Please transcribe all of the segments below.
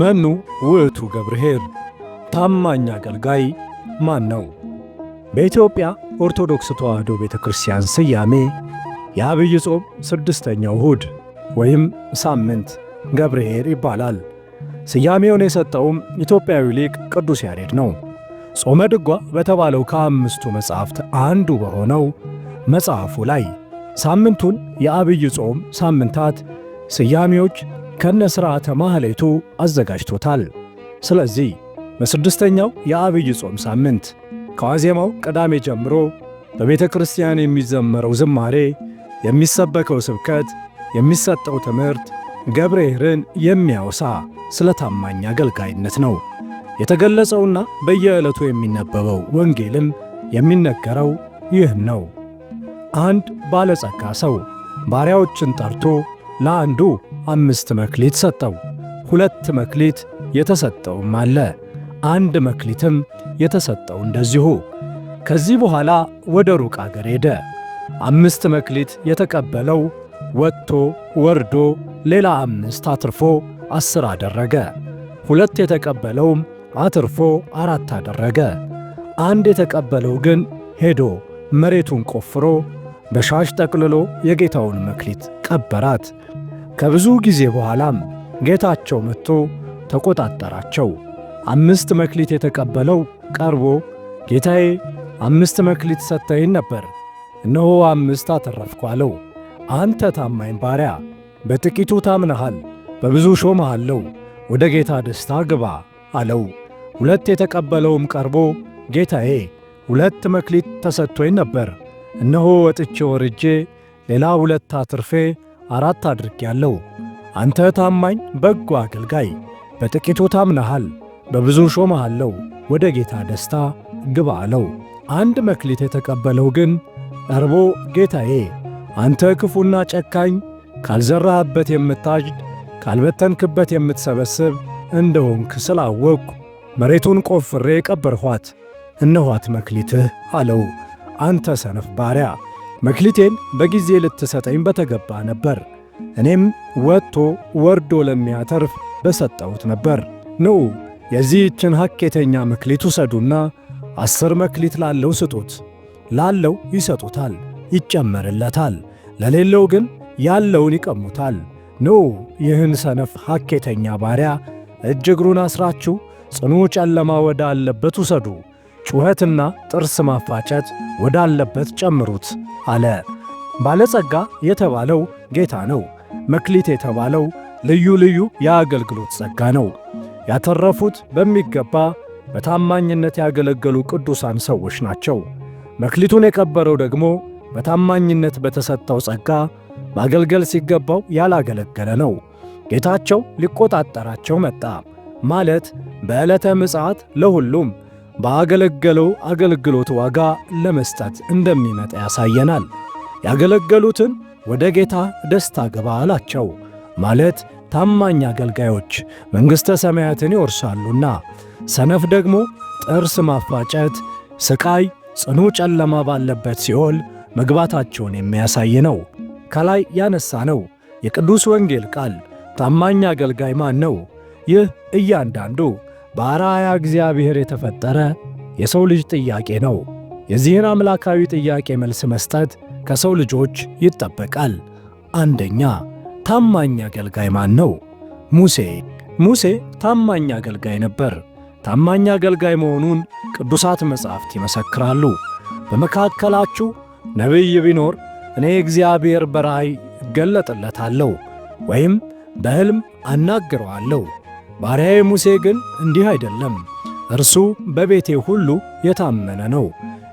መኑ ውእቱ ገብርሄል ታማኝ አገልጋይ ማን ነው? በኢትዮጵያ ኦርቶዶክስ ተዋሕዶ ቤተ ክርስቲያን ስያሜ የአብይ ጾም ስድስተኛው እሁድ ወይም ሳምንት ገብርሄል ይባላል። ስያሜውን የሰጠውም ኢትዮጵያዊ ሊቅ ቅዱስ ያሬድ ነው። ጾመ ድጓ በተባለው ከአምስቱ መጻሕፍት አንዱ በሆነው መጽሐፉ ላይ ሳምንቱን የአብይ ጾም ሳምንታት ስያሜዎች ከነ ሥርዓተ ማህሌቱ አዘጋጅቶታል። ስለዚህ በስድስተኛው የአብይ ጾም ሳምንት ከዋዜማው ቅዳሜ ጀምሮ በቤተ ክርስቲያን የሚዘመረው ዝማሬ፣ የሚሰበከው ስብከት፣ የሚሰጠው ትምህርት ገብርኄርን የሚያወሳ ስለ ታማኝ አገልጋይነት ነው። የተገለጸውና በየዕለቱ የሚነበበው ወንጌልም የሚነገረው ይህ ነው። አንድ ባለጸጋ ሰው ባሪያዎችን ጠርቶ ለአንዱ አምስት መክሊት ሰጠው። ሁለት መክሊት የተሰጠውም አለ፣ አንድ መክሊትም የተሰጠው እንደዚሁ። ከዚህ በኋላ ወደ ሩቅ አገር ሄደ። አምስት መክሊት የተቀበለው ወጥቶ ወርዶ ሌላ አምስት አትርፎ አስር አደረገ። ሁለት የተቀበለውም አትርፎ አራት አደረገ። አንድ የተቀበለው ግን ሄዶ መሬቱን ቆፍሮ በሻሽ ጠቅልሎ የጌታውን መክሊት ቀበራት። ከብዙ ጊዜ በኋላም ጌታቸው መጥቶ ተቆጣጠራቸው። አምስት መክሊት የተቀበለው ቀርቦ ጌታዬ አምስት መክሊት ሰጥተኸኝ ነበር፣ እነሆ አምስት አተረፍኩ አለው። አንተ ታማኝ ባሪያ፣ በጥቂቱ ታምነሃል፣ በብዙ ሾምሃለሁ፣ ወደ ጌታ ደስታ ግባ አለው። ሁለት የተቀበለውም ቀርቦ ጌታዬ ሁለት መክሊት ተሰጥቶኝ ነበር፣ እነሆ ወጥቼ ወርጄ ሌላ ሁለት አትርፌ አራት ያለው አንተ ታማኝ በጎ አገልጋይ፣ በጥቂቱ ታምነሃል፣ በብዙ ሾመሃለሁ፣ ወደ ጌታ ደስታ ግባ አለው። አንድ መክሊት የተቀበለው ግን እርቦ ጌታዬ፣ አንተ ክፉና ጨካኝ፣ ካልዘራህበት የምታጭድ ካልበተንክበት የምትሰበስብ እንደሆንክ ስላወቅኩ መሬቱን ቆፍሬ ቀበርኋት፣ እነኋት መክሊትህ አለው። አንተ ሰነፍ ባሪያ መክሊቴን በጊዜ ልትሰጠኝ በተገባ ነበር። እኔም ወጥቶ ወርዶ ለሚያተርፍ በሰጠሁት ነበር። ንዑ የዚህችን ሐኬተኛ መክሊት ውሰዱና አስር መክሊት ላለው ስጡት። ላለው ይሰጡታል፣ ይጨመርለታል። ለሌለው ግን ያለውን ይቀሙታል። ንዑ ይህን ሰነፍ ሐኬተኛ ባሪያ እጅ እግሩን አስራችሁ ጽኑ ጨለማ ወዳለበት ውሰዱ ጩኸትና ጥርስ ማፋጨት ወዳለበት ጨምሩት አለ። ባለጸጋ የተባለው ጌታ ነው። መክሊት የተባለው ልዩ ልዩ የአገልግሎት ጸጋ ነው። ያተረፉት በሚገባ በታማኝነት ያገለገሉ ቅዱሳን ሰዎች ናቸው። መክሊቱን የቀበረው ደግሞ በታማኝነት በተሰጠው ጸጋ ማገልገል ሲገባው ያላገለገለ ነው። ጌታቸው ሊቆጣጠራቸው መጣ ማለት በዕለተ ምጽአት ለሁሉም በአገለገለው አገልግሎት ዋጋ ለመስጠት እንደሚመጣ ያሳየናል። ያገለገሉትን ወደ ጌታ ደስታ ግባ አላቸው ማለት ታማኝ አገልጋዮች መንግሥተ ሰማያትን ይወርሳሉና፣ ሰነፍ ደግሞ ጥርስ ማፋጨት፣ ሥቃይ፣ ጽኑ ጨለማ ባለበት ሲኦል መግባታቸውን የሚያሳይ ነው። ከላይ ያነሳ ነው የቅዱስ ወንጌል ቃል ታማኝ አገልጋይ ማን ነው? ይህ እያንዳንዱ በአርአያ እግዚአብሔር የተፈጠረ የሰው ልጅ ጥያቄ ነው። የዚህን አምላካዊ ጥያቄ መልስ መስጠት ከሰው ልጆች ይጠበቃል። አንደኛ ታማኝ አገልጋይ ማን ነው? ሙሴ። ሙሴ ታማኝ አገልጋይ ነበር። ታማኝ አገልጋይ መሆኑን ቅዱሳት መጻሕፍት ይመሰክራሉ። በመካከላችሁ ነቢይ ቢኖር እኔ እግዚአብሔር በራእይ እገለጥለታለሁ ወይም በሕልም አናግረዋለሁ ባሪያዬ ሙሴ ግን እንዲህ አይደለም፤ እርሱ በቤቴ ሁሉ የታመነ ነው።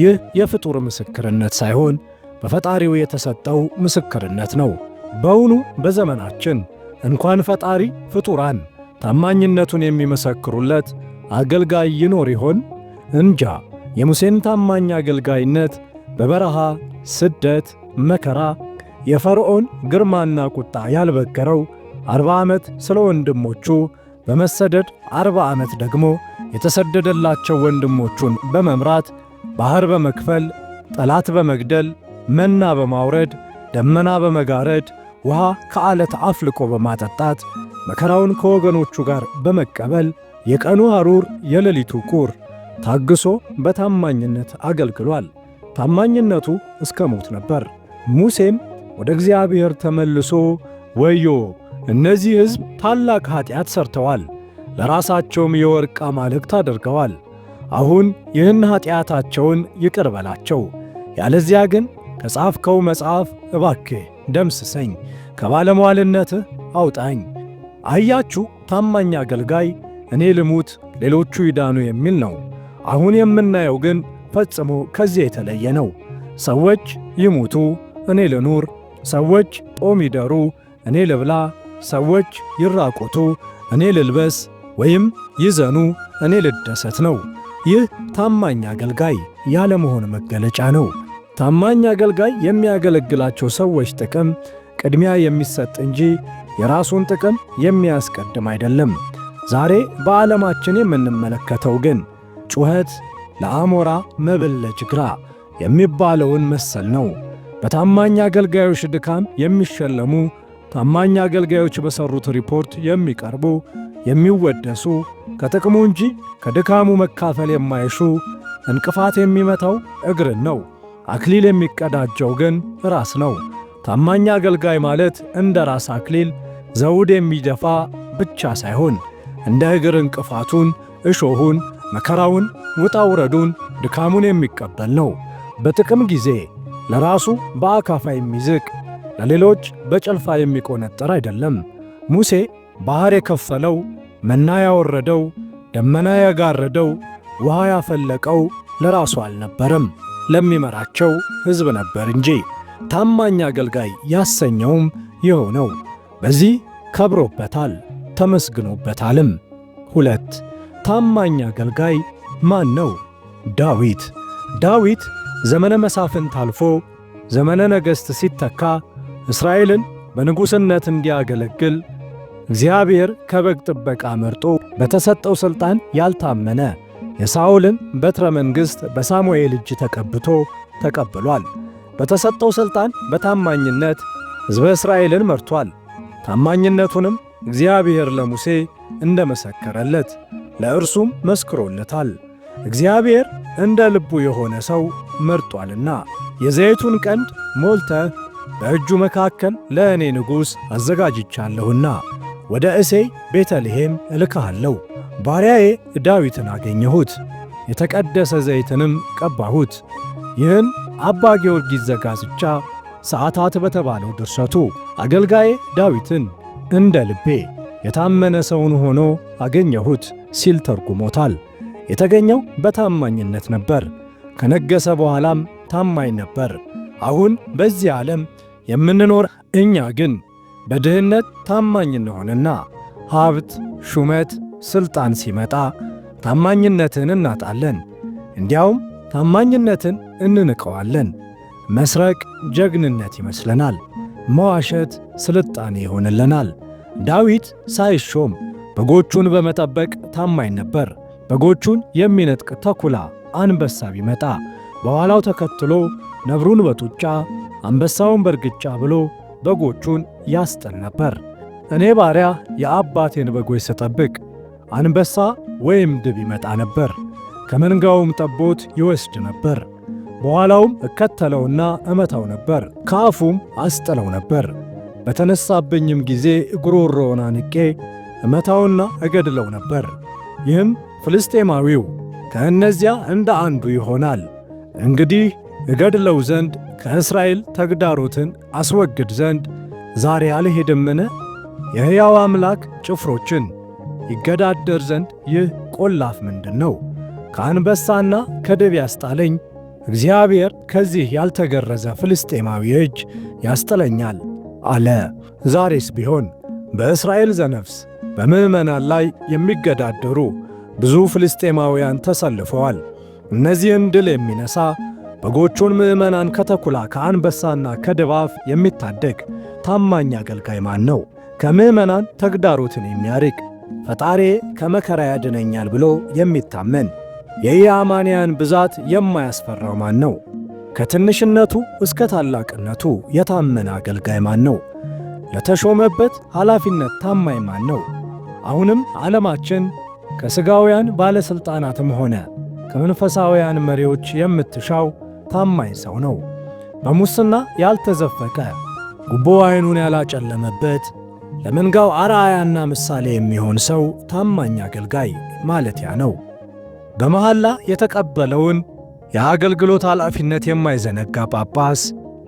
ይህ የፍጡር ምስክርነት ሳይሆን በፈጣሪው የተሰጠው ምስክርነት ነው። በውኑ በዘመናችን እንኳን ፈጣሪ ፍጡራን ታማኝነቱን የሚመሰክሩለት አገልጋይ ይኖር ይሆን? እንጃ። የሙሴን ታማኝ አገልጋይነት በበረሃ ስደት፣ መከራ፣ የፈርዖን ግርማና ቁጣ ያልበገረው አርባ ዓመት ስለ ወንድሞቹ በመሰደድ አርባ ዓመት ደግሞ የተሰደደላቸው ወንድሞቹን በመምራት ባሕር በመክፈል ጠላት በመግደል መና በማውረድ ደመና በመጋረድ ውሃ ከዓለት አፍልቆ በማጠጣት መከራውን ከወገኖቹ ጋር በመቀበል የቀኑ አሩር የሌሊቱ ቁር ታግሶ በታማኝነት አገልግሏል። ታማኝነቱ እስከ ሞት ነበር። ሙሴም ወደ እግዚአብሔር ተመልሶ ወዮ እነዚህ ሕዝብ ታላቅ ኀጢአት ሠርተዋል፣ ለራሳቸውም የወርቅ አማልክት አድርገዋል። አሁን ይህን ኀጢአታቸውን ይቅር በላቸው፣ ያለዚያ ግን ከጻፍከው መጽሐፍ እባክህ ደምስሰኝ፣ ከባለሟልነትህ አውጣኝ። አያችሁ፣ ታማኝ አገልጋይ እኔ ልሙት ሌሎቹ ይዳኑ የሚል ነው። አሁን የምናየው ግን ፈጽሞ ከዚህ የተለየ ነው። ሰዎች ይሙቱ እኔ ልኑር፣ ሰዎች ጦም ይደሩ እኔ ልብላ ሰዎች ይራቆቱ፣ እኔ ልልበስ ወይም ይዘኑ፣ እኔ ልደሰት ነው። ይህ ታማኝ አገልጋይ ያለመሆን መገለጫ ነው። ታማኝ አገልጋይ የሚያገለግላቸው ሰዎች ጥቅም ቅድሚያ የሚሰጥ እንጂ የራሱን ጥቅም የሚያስቀድም አይደለም። ዛሬ በዓለማችን የምንመለከተው ግን ጩኸት ለአሞራ መብል ግራ የሚባለውን መሰል ነው። በታማኝ አገልጋዮች ድካም የሚሸለሙ ታማኝ አገልጋዮች በሠሩት ሪፖርት የሚቀርቡ የሚወደሱ ከጥቅሙ እንጂ ከድካሙ መካፈል የማይሹ እንቅፋት የሚመታው እግርን ነው፣ አክሊል የሚቀዳጀው ግን ራስ ነው። ታማኝ አገልጋይ ማለት እንደ ራስ አክሊል ዘውድ የሚደፋ ብቻ ሳይሆን እንደ እግር እንቅፋቱን፣ እሾሁን፣ መከራውን፣ ውጣ ውረዱን፣ ድካሙን የሚቀበል ነው። በጥቅም ጊዜ ለራሱ በአካፋ የሚዝቅ ለሌሎች በጨልፋ የሚቆነጠር አይደለም። ሙሴ ባሕር የከፈለው፣ መና ያወረደው፣ ደመና ያጋረደው፣ ውሃ ያፈለቀው ለራሱ አልነበረም፣ ለሚመራቸው ሕዝብ ነበር እንጂ። ታማኝ አገልጋይ ያሰኘውም ይኸው ነው። በዚህ ከብሮበታል፣ ተመስግኖበታልም። ሁለት ታማኝ አገልጋይ ማን ነው? ዳዊት። ዳዊት ዘመነ መሳፍንት አልፎ ዘመነ ነገሥት ሲተካ እስራኤልን በንጉሥነት እንዲያገለግል እግዚአብሔር ከበግ ጥበቃ መርጦ በተሰጠው ሥልጣን ያልታመነ የሳኦልን በትረ መንግሥት በሳሙኤል እጅ ተቀብቶ ተቀብሏል። በተሰጠው ሥልጣን በታማኝነት ሕዝበ እስራኤልን መርቷል። ታማኝነቱንም እግዚአብሔር ለሙሴ እንደ መሰከረለት ለእርሱም መስክሮለታል። እግዚአብሔር እንደ ልቡ የሆነ ሰው መርጧልና የዘይቱን ቀንድ ሞልተህ በእጁ መካከል ለእኔ ንጉሥ አዘጋጅቻለሁና ወደ እሴይ ቤተልሔም እልካሃለሁ። ባሪያዬ ዳዊትን አገኘሁት፣ የተቀደሰ ዘይትንም ቀባሁት። ይህን አባ ጊዮርጊስ ዘጋስጫ ሰዓታት በተባለው ድርሰቱ አገልጋዬ ዳዊትን እንደ ልቤ የታመነ ሰውን ሆኖ አገኘሁት ሲል ተርጉሞታል። የተገኘው በታማኝነት ነበር። ከነገሰ በኋላም ታማኝ ነበር። አሁን በዚህ ዓለም የምንኖር እኛ ግን በድህነት ታማኝ እንሆንና ሀብት፣ ሹመት፣ ሥልጣን ሲመጣ ታማኝነትን እናጣለን። እንዲያውም ታማኝነትን እንንቀዋለን። መስረቅ ጀግንነት ይመስለናል። መዋሸት ስልጣኔ ይሆንልናል። ዳዊት ሳይሾም በጎቹን በመጠበቅ ታማኝ ነበር። በጎቹን የሚነጥቅ ተኩላ አንበሳ ቢመጣ በኋላው ተከትሎ ነብሩን በጡጫ አንበሳውን በርግጫ ብሎ በጎቹን ያስጠል ነበር። እኔ ባሪያ የአባቴን በጎች ስጠብቅ አንበሳ ወይም ድብ ይመጣ ነበር፣ ከመንጋውም ጠቦት ይወስድ ነበር። በኋላውም እከተለውና እመታው ነበር፣ ከአፉም አስጥለው ነበር። በተነሳብኝም ጊዜ ጉሮሮውን አንቄ እመታውና እገድለው ነበር። ይህም ፍልስጤማዊው ከእነዚያ እንደ አንዱ ይሆናል። እንግዲህ እገድለው ዘንድ ከእስራኤል ተግዳሮትን አስወግድ ዘንድ ዛሬ አልሄድምን? የሕያው አምላክ ጭፍሮችን ይገዳደር ዘንድ ይህ ቈላፍ ምንድን ነው? ከአንበሳና ከድብ ያስጣለኝ እግዚአብሔር ከዚህ ያልተገረዘ ፍልስጤማዊ እጅ ያስጥለኛል አለ። ዛሬስ ቢሆን በእስራኤል ዘነፍስ በምዕመናን ላይ የሚገዳደሩ ብዙ ፍልስጤማውያን ተሰልፈዋል። እነዚህን ድል የሚነሳ በጎቹን ምዕመናን ከተኩላ ከአንበሳና ከድባፍ የሚታደግ ታማኝ አገልጋይ ማን ነው? ከምዕመናን ተግዳሮትን የሚያርቅ ፈጣሬ ከመከራ ያድነኛል ብሎ የሚታመን የኢአማንያን ብዛት የማያስፈራው ማን ነው? ከትንሽነቱ እስከ ታላቅነቱ የታመነ አገልጋይ ማን ነው? ለተሾመበት ኃላፊነት ታማኝ ማን ነው? አሁንም ዓለማችን ከሥጋውያን ባለሥልጣናትም ሆነ ከመንፈሳውያን መሪዎች የምትሻው ታማኝ ሰው ነው። በሙስና ያልተዘፈቀ ጉቦ አይኑን ያላጨለመበት ለመንጋው አርአያና ምሳሌ የሚሆን ሰው ታማኝ አገልጋይ ማለት ያ ነው። በመሐላ የተቀበለውን የአገልግሎት ኃላፊነት የማይዘነጋ ጳጳስ፣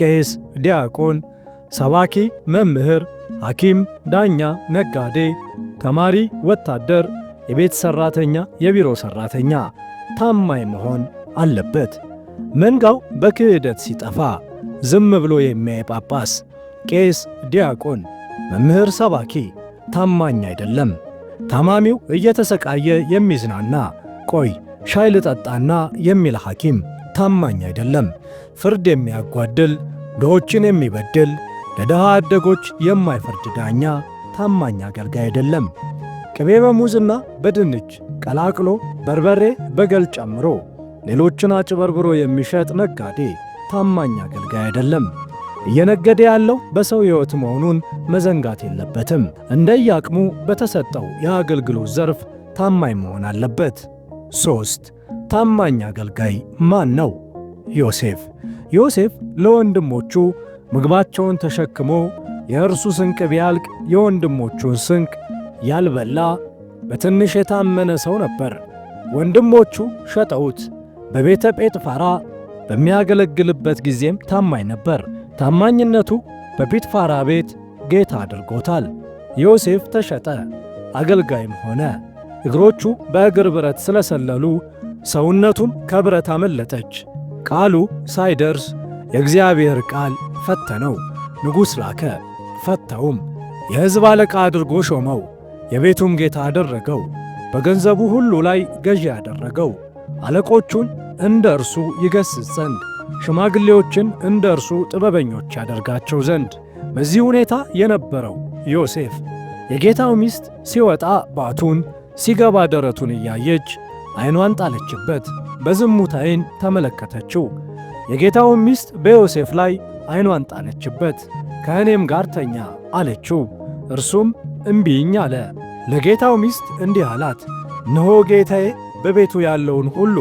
ቄስ፣ ዲያቆን፣ ሰባኪ፣ መምህር፣ ሐኪም፣ ዳኛ፣ ነጋዴ፣ ተማሪ፣ ወታደር፣ የቤት ሠራተኛ፣ የቢሮ ሠራተኛ ታማኝ መሆን አለበት። መንጋው በክህደት ሲጠፋ ዝም ብሎ የሚያይ ጳጳስ፣ ቄስ፣ ዲያቆን፣ መምህር፣ ሰባኪ ታማኝ አይደለም። ታማሚው እየተሰቃየ የሚዝናና ቆይ ሻይ ልጠጣና የሚል ሐኪም ታማኝ አይደለም። ፍርድ የሚያጓድል፣ ድሆችን የሚበድል፣ ለድሃ አደጎች የማይፈርድ ዳኛ ታማኝ አገልጋይ አይደለም። ቅቤ በሙዝና በድንች ቀላቅሎ በርበሬ በገል ጨምሮ ሌሎችን አጭበርብሮ የሚሸጥ ነጋዴ ታማኝ አገልጋይ አይደለም። እየነገደ ያለው በሰው ሕይወት መሆኑን መዘንጋት የለበትም። እንደየአቅሙ በተሰጠው የአገልግሎት ዘርፍ ታማኝ መሆን አለበት። ሦስት ታማኝ አገልጋይ ማን ነው? ዮሴፍ። ዮሴፍ ለወንድሞቹ ምግባቸውን ተሸክሞ የእርሱ ስንቅ ቢያልቅ የወንድሞቹን ስንቅ ያልበላ በትንሽ የታመነ ሰው ነበር። ወንድሞቹ ሸጠውት በቤተ ጴጥፋራ በሚያገለግልበት ጊዜም ታማኝ ነበር። ታማኝነቱ በጴጥፋራ ቤት ጌታ አድርጎታል። ዮሴፍ ተሸጠ፣ አገልጋይም ሆነ። እግሮቹ በእግር ብረት ስለሰለሉ ሰውነቱም ከብረት አመለጠች። ቃሉ ሳይደርስ የእግዚአብሔር ቃል ፈተነው። ንጉሥ ላከ፣ ፈተውም። የሕዝብ አለቃ አድርጎ ሾመው፣ የቤቱም ጌታ አደረገው። በገንዘቡ ሁሉ ላይ ገዢ አደረገው። አለቆቹን እንደ እርሱ ይገስጽ ዘንድ፣ ሽማግሌዎችን እንደ እርሱ ጥበበኞች ያደርጋቸው ዘንድ። በዚህ ሁኔታ የነበረው ዮሴፍ የጌታው ሚስት ሲወጣ ባቱን ሲገባ ደረቱን እያየች ዐይኗን ጣለችበት፣ በዝሙት ዓይን ተመለከተችው። የጌታውን ሚስት በዮሴፍ ላይ ዐይኗን ጣለችበት። ከእኔም ጋር ተኛ አለችው። እርሱም እምቢኝ አለ። ለጌታው ሚስት እንዲህ አላት፣ እነሆ ጌታዬ በቤቱ ያለውን ሁሉ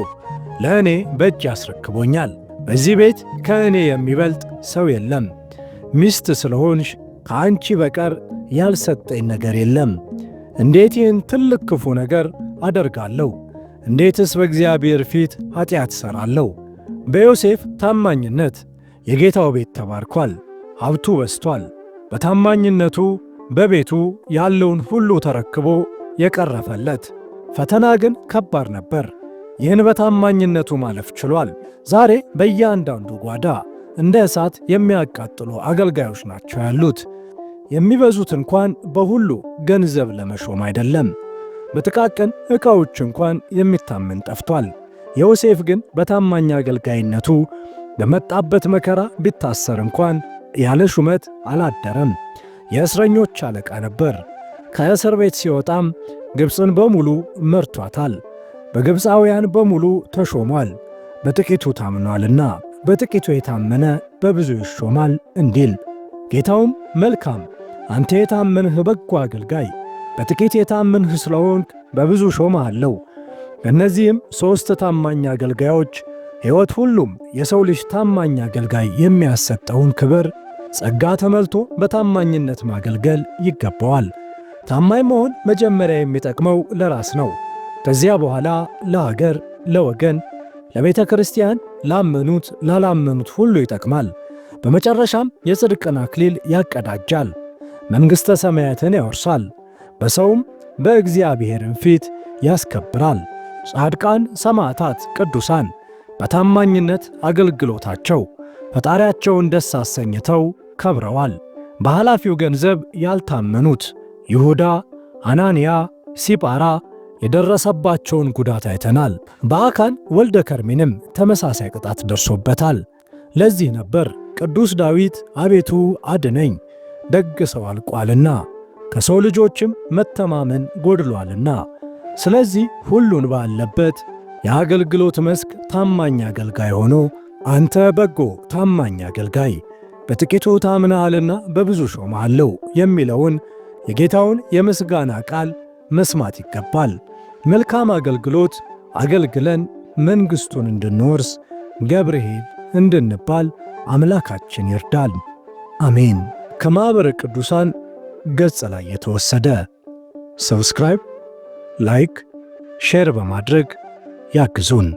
ለእኔ በእጅ አስረክቦኛል። በዚህ ቤት ከእኔ የሚበልጥ ሰው የለም። ሚስት ስለሆንሽ ከአንቺ በቀር ያልሰጠኝ ነገር የለም። እንዴት ይህን ትልቅ ክፉ ነገር አደርጋለሁ? እንዴትስ በእግዚአብሔር ፊት ኀጢአት እሠራለሁ? በዮሴፍ ታማኝነት የጌታው ቤት ተባርኳል። ሀብቱ በስቷል። በታማኝነቱ በቤቱ ያለውን ሁሉ ተረክቦ የቀረፈለት ፈተና ግን ከባድ ነበር። ይህን በታማኝነቱ ማለፍ ችሏል። ዛሬ በእያንዳንዱ ጓዳ እንደ እሳት የሚያቃጥሉ አገልጋዮች ናቸው ያሉት። የሚበዙት እንኳን በሁሉ ገንዘብ ለመሾም አይደለም። በጥቃቅን ዕቃዎች እንኳን የሚታመን ጠፍቷል። ዮሴፍ ግን በታማኝ አገልጋይነቱ በመጣበት መከራ ቢታሰር እንኳን ያለ ሹመት አላደረም። የእስረኞች አለቃ ነበር። ከእስር ቤት ሲወጣም ግብፅን በሙሉ መርቷታል። በግብፃውያን በሙሉ ተሾሟል። በጥቂቱ ታምኗልና በጥቂቱ የታመነ በብዙ ይሾማል እንዲል ጌታውም መልካም አንተ የታመንህ በጎ አገልጋይ፣ በጥቂት የታመንህ ስለሆንክ በብዙ ሾምሃለሁ። እነዚህም ሦስት ታማኝ አገልጋዮች ሕይወት ሁሉም የሰው ልጅ ታማኝ አገልጋይ የሚያሰጠውን ክብር ጸጋ ተመልቶ በታማኝነት ማገልገል ይገባዋል። ታማኝ መሆን መጀመሪያ የሚጠቅመው ለራስ ነው። ከዚያ በኋላ ለሀገር፣ ለወገን፣ ለቤተ ክርስቲያን፣ ላመኑት፣ ላላመኑት ሁሉ ይጠቅማል። በመጨረሻም የጽድቅን አክሊል ያቀዳጃል። መንግሥተ ሰማያትን ያወርሳል። በሰውም በእግዚአብሔርም ፊት ያስከብራል። ጻድቃን፣ ሰማዕታት፣ ቅዱሳን በታማኝነት አገልግሎታቸው ፈጣሪያቸውን ደስ አሰኝተው ከብረዋል። በኃላፊው ገንዘብ ያልታመኑት ይሁዳ፣ አናንያ፣ ሲጳራ የደረሰባቸውን ጉዳት አይተናል። በአካን ወልደ ከርሜንም ተመሳሳይ ቅጣት ደርሶበታል። ለዚህ ነበር ቅዱስ ዳዊት አቤቱ አድነኝ ደግ ሰው አልቋልና ከሰው ልጆችም መተማመን ጎድሏልና፣ ስለዚህ ሁሉን ባለበት የአገልግሎት መስክ ታማኝ አገልጋይ ሆኖ አንተ በጎ ታማኝ አገልጋይ በጥቂቱ ታምናሃልና በብዙ ሾምሃለሁ የሚለውን የጌታውን የምስጋና ቃል መስማት ይገባል። መልካም አገልግሎት አገልግለን መንግሥቱን እንድንወርስ ገብርሄል እንድንባል አምላካችን ይርዳል። አሜን። ከማኅበረ ቅዱሳን ገጽ ላይ የተወሰደ። ሰብስክራይብ፣ ላይክ፣ ሼር በማድረግ ያግዙን።